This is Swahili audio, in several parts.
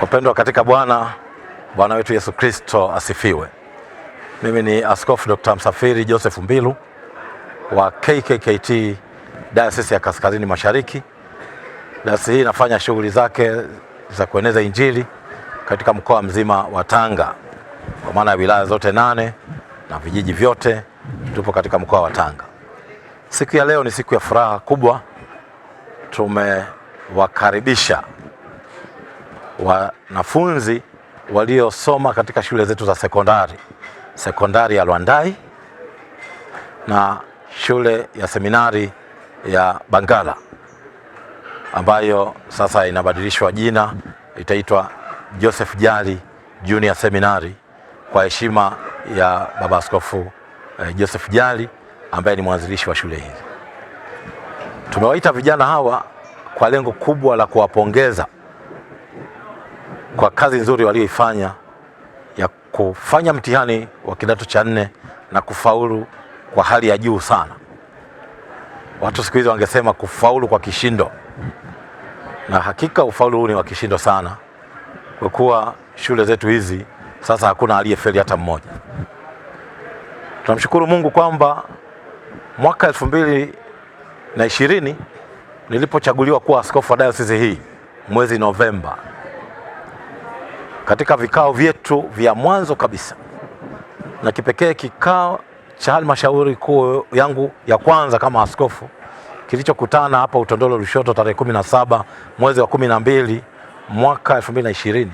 Wapendwa katika Bwana, Bwana wetu Yesu Kristo asifiwe. Mimi ni Askofu Dr. Msafiri Joseph Mbilu wa KKKT Dayosisi ya Kaskazini Mashariki. Dayosisi hii inafanya shughuli zake za kueneza Injili katika mkoa mzima wa Tanga kwa maana ya wilaya zote nane na vijiji vyote, tupo katika mkoa wa Tanga. Siku ya leo ni siku ya furaha kubwa tume kuwakaribisha wanafunzi waliosoma katika shule zetu za sekondari, sekondari ya Lwandai na shule ya seminari ya Bangala ambayo sasa inabadilishwa jina, itaitwa Joseph Jali Junior Seminary kwa heshima ya Baba Askofu eh, Joseph Jali ambaye ni mwanzilishi wa shule hizi Tumewaita vijana hawa kwa lengo kubwa la kuwapongeza kwa kazi nzuri walioifanya ya kufanya mtihani wa kidato cha nne na kufaulu kwa hali ya juu sana. Watu siku hizi wangesema kufaulu kwa kishindo, na hakika ufaulu huu ni wa kishindo sana, kwa kuwa shule zetu hizi sasa hakuna aliyefeli hata mmoja. Tunamshukuru Mungu kwamba mwaka elfu mbili na ishirini Nilipochaguliwa kuwa askofu wa dayosisi hii mwezi Novemba, katika vikao vyetu vya mwanzo kabisa na kipekee kikao cha halmashauri kuu yangu ya kwanza kama askofu kilichokutana hapa Utondolo Lushoto tarehe 17 mwezi wa 12 mwaka 2020,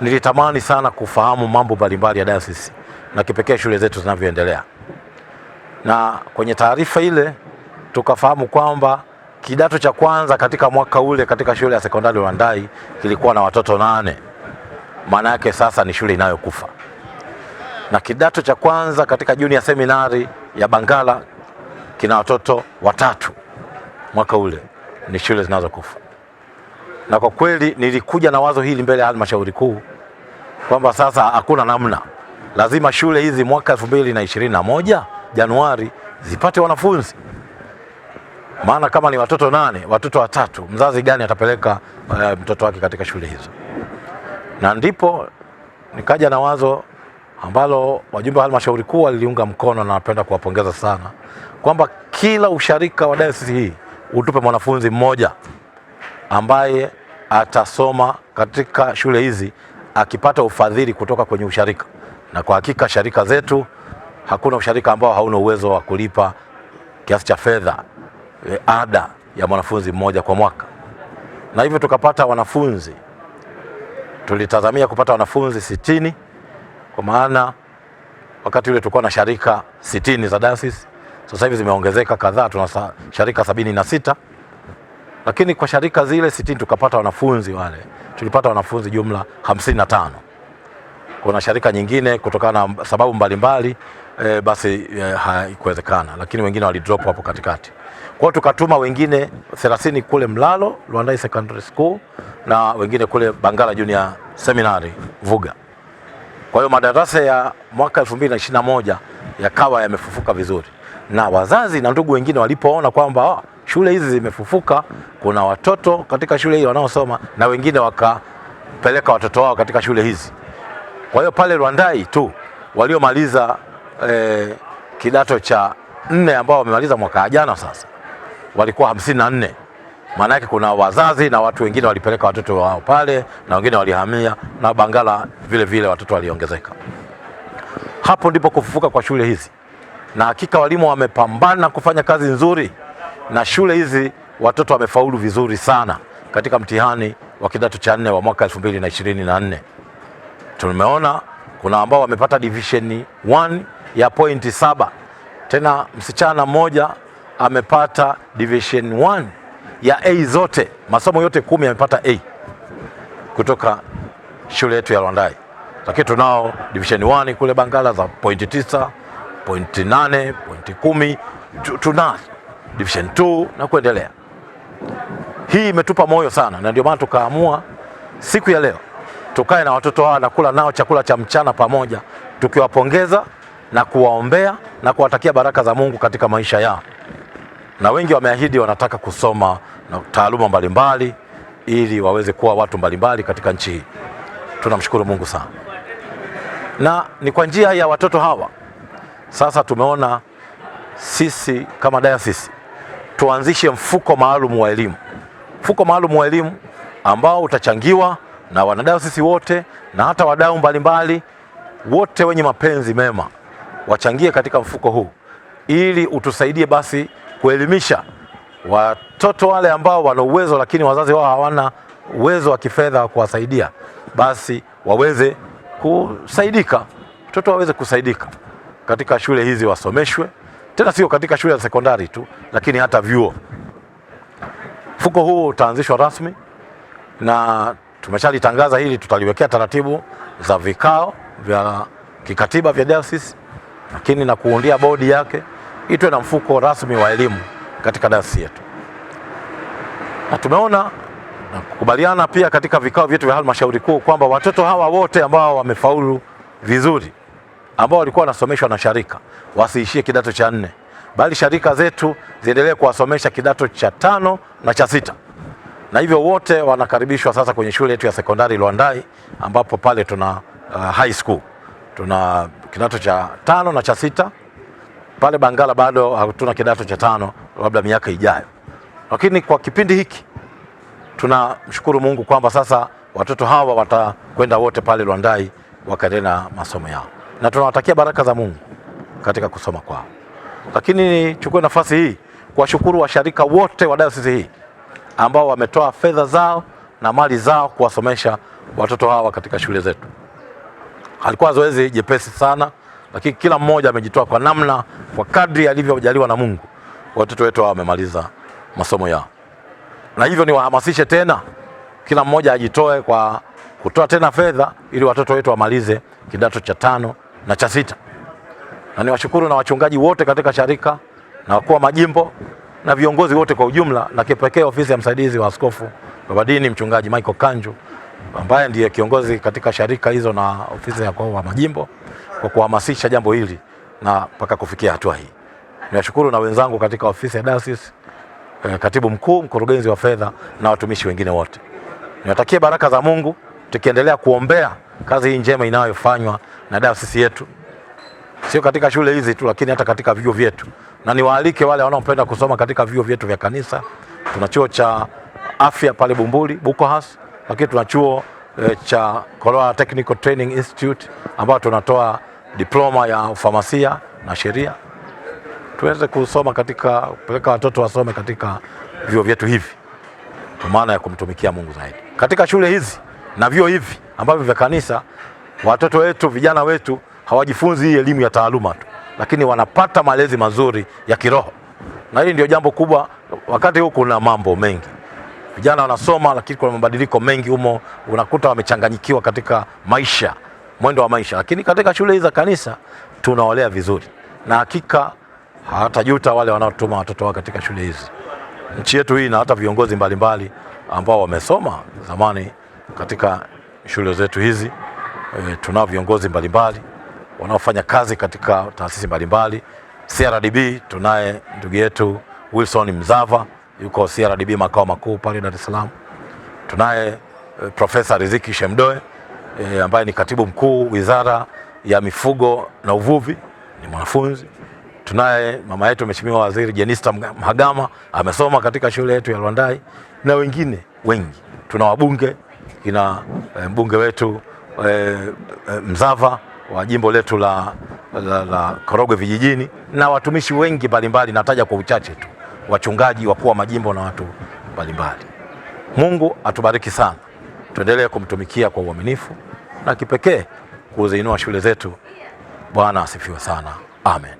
nilitamani sana kufahamu mambo mbalimbali ya dayosisi na kipekee shule zetu zinavyoendelea, na kwenye taarifa ile tukafahamu kwamba Kidato cha kwanza katika mwaka ule katika shule ya sekondari Lwandai kilikuwa na watoto nane, maana yake sasa ni shule inayokufa. Na kidato cha kwanza katika junior seminari ya Bangala kina watoto watatu mwaka ule, ni shule zinazokufa. Na kwa kweli nilikuja na wazo hili mbele ya halmashauri kuu kwamba sasa hakuna namna, lazima shule hizi mwaka 2021 Januari zipate wanafunzi maana kama ni watoto nane, watoto watatu, mzazi gani atapeleka uh, mtoto wake katika shule hizo? Na ndipo nikaja na wazo ambalo wajumbe wa halmashauri kuu waliliunga mkono, na napenda kuwapongeza sana kwamba kila usharika wa dayosisi hii utupe mwanafunzi mmoja ambaye atasoma katika shule hizi akipata ufadhili kutoka kwenye usharika. Na kwa hakika sharika zetu, hakuna usharika ambao hauna uwezo wa kulipa kiasi cha fedha e, ada ya mwanafunzi mmoja kwa mwaka, na hivyo tukapata wanafunzi, tulitazamia kupata wanafunzi sitini kwa maana wakati ule tulikuwa na sharika sitini za dayosisi. Sasa hivi zimeongezeka kadhaa, tuna sharika sabini na sita lakini kwa sharika zile sitini tukapata wanafunzi wale, tulipata wanafunzi jumla hamsini na tano. Kuna sharika nyingine kutokana na sababu mbalimbali e, basi e, haikuwezekana, lakini wengine walidrop hapo katikati. Kwa hiyo tukatuma wengine 30 kule Mlalo Luandai Secondary School na wengine kule Bangala Junior Seminary Vuga. Kwa hiyo madarasa ya mwaka 2021 yakawa yamefufuka vizuri, na wazazi na ndugu wengine walipoona kwamba ah, shule hizi zimefufuka, kuna watoto katika shule hii wanaosoma, na wengine wakapeleka watoto wao katika shule hizi. Kwa hiyo pale Lwandai tu waliomaliza eh, kidato cha nne ambao wamemaliza mwaka jana sasa walikuwa hamsini na nne. Maana yake kuna wazazi na watu wengine walipeleka watoto wao pale na wengine walihamia, na Bangala vile vile watoto waliongezeka. Hapo ndipo kufufuka kwa shule hizi, na hakika walimu wamepambana kufanya kazi nzuri, na shule hizi watoto wamefaulu vizuri sana katika mtihani wa kidato cha nne wa mwaka 2024. Tumeona kuna ambao wamepata division 1 ya pointi saba. Tena msichana mmoja amepata division 1 ya A zote, masomo yote kumi amepata A kutoka shule yetu ya Lwandai, lakini tunao division 1 kule Bangala za pointi tisa, pointi nane, pointi kumi, tuna division 2 na kuendelea. Hii imetupa moyo sana, na ndio maana tukaamua siku ya leo tukae na watoto hawa na kula nao chakula cha mchana pamoja, tukiwapongeza na kuwaombea na kuwatakia baraka za Mungu katika maisha yao, na wengi wameahidi wanataka kusoma na taaluma mbalimbali ili waweze kuwa watu mbalimbali katika nchi hii. Tunamshukuru Mungu sana, na ni kwa njia ya watoto hawa sasa tumeona sisi kama dayosisi tuanzishe mfuko maalum wa elimu, mfuko maalum wa elimu ambao utachangiwa na wanadayosisi wote na hata wadau mbalimbali wote wenye mapenzi mema wachangie katika mfuko huu ili utusaidie basi kuelimisha watoto wale ambao wana uwezo lakini wazazi wao hawana uwezo wa kifedha wa kuwasaidia, basi waweze kusaidika, watoto waweze kusaidika katika shule hizi, wasomeshwe tena, sio katika shule za sekondari tu, lakini hata vyuo. Mfuko huu utaanzishwa rasmi na tumeshalitangaza hili, tutaliwekea taratibu za vikao vya kikatiba vya dayosisi lakini na kuundia bodi yake itwe na mfuko rasmi wa elimu katika dasi yetu, na tumeona na kukubaliana pia katika vikao vyetu vya halmashauri kuu kwamba watoto hawa wote ambao wamefaulu vizuri ambao walikuwa wanasomeshwa na sharika wasiishie kidato cha nne, bali sharika zetu ziendelee kuwasomesha kidato cha tano na cha sita, na hivyo wote wanakaribishwa sasa kwenye shule yetu ya sekondari Lwandai, ambapo pale tuna uh, high school tuna kidato cha tano na cha sita pale Bangala bado hatuna kidato cha tano, labda miaka ijayo. Lakini kwa kipindi hiki tunamshukuru Mungu kwamba sasa watoto hawa watakwenda wote pale Lwandai wakaendelea na masomo yao, na tunawatakia baraka za Mungu katika kusoma kwao. Lakini nichukue nafasi hii kuwashukuru washirika wote wa dayosisi hii ambao wametoa fedha zao na mali zao kuwasomesha watoto hawa katika shule zetu halikuwa zoezi jepesi sana, lakini kila mmoja amejitoa kwa namna, kwa kadri alivyojaliwa na Mungu. Watoto wetu hawa wamemaliza masomo yao, na hivyo niwahamasishe tena, kila mmoja ajitoe kwa kutoa tena fedha ili watoto wetu wamalize kidato cha tano na cha sita. Na niwashukuru na wachungaji wote katika sharika na wakuu wa majimbo na viongozi wote kwa ujumla, na kipekee ofisi ya msaidizi wa askofu Baba Dini mchungaji Michael Kanju ambaye ndiye kiongozi katika sharika hizo na ofisi ya kwao wa majimbo kwa kuhamasisha jambo hili na mpaka kufikia hatua hii. Niwashukuru na wenzangu katika ofisi ya Dayosisi, eh, katibu mkuu, mkurugenzi wa fedha na watumishi wengine wote. Niwatakie baraka za Mungu tukiendelea kuombea kazi hii njema inayofanywa na Dayosisi yetu, sio katika shule hizi tu, lakini hata katika vyuo vyetu, na niwaalike wale wanaopenda kusoma katika vyuo vyetu vya kanisa. Tuna chuo cha afya pale Bumbuli Bukohas lakini tuna chuo e, cha Koloa Technical Training Institute ambao tunatoa diploma ya ufamasia na sheria, tuweze kusoma katika kupeleka watoto wasome katika vyuo vyetu hivi kwa maana ya kumtumikia Mungu zaidi katika shule hizi na vyuo hivi ambavyo vya kanisa. Watoto wetu vijana wetu hawajifunzi hii elimu ya taaluma tu, lakini wanapata malezi mazuri ya kiroho, na hili ndio jambo kubwa. Wakati huu kuna mambo mengi Vijana wanasoma lakini kuna mabadiliko mengi humo, unakuta wamechanganyikiwa katika maisha, mwendo wa maisha. Lakini katika shule hizi za kanisa tunawalea vizuri, na hakika hawatajuta wale wanaotuma watoto wao katika shule hizi. Nchi yetu hii na hata viongozi mbalimbali ambao wamesoma zamani katika shule zetu hizi e, tunao viongozi mbalimbali wanaofanya kazi katika taasisi mbalimbali. CRDB tunaye ndugu yetu Wilson Mzava yuko CRDB makao makuu pale Dar es Salaam. Tunaye eh, Profesa Riziki Shemdoe e, ambaye ni katibu mkuu Wizara ya Mifugo na Uvuvi, ni mwanafunzi. Tunaye mama yetu Mheshimiwa Waziri Jenista Mhagama amesoma katika shule yetu ya Lwandai na wengine wengi. Tuna wabunge kina eh, mbunge wetu e, Mzava wa jimbo letu la, la, la Korogwe vijijini na watumishi wengi mbalimbali, nataja kwa uchache tu wachungaji, wakuu wa majimbo na watu mbalimbali. Mungu atubariki sana, tuendelee kumtumikia kwa uaminifu na kipekee kuziinua shule zetu. Bwana asifiwe sana, amen.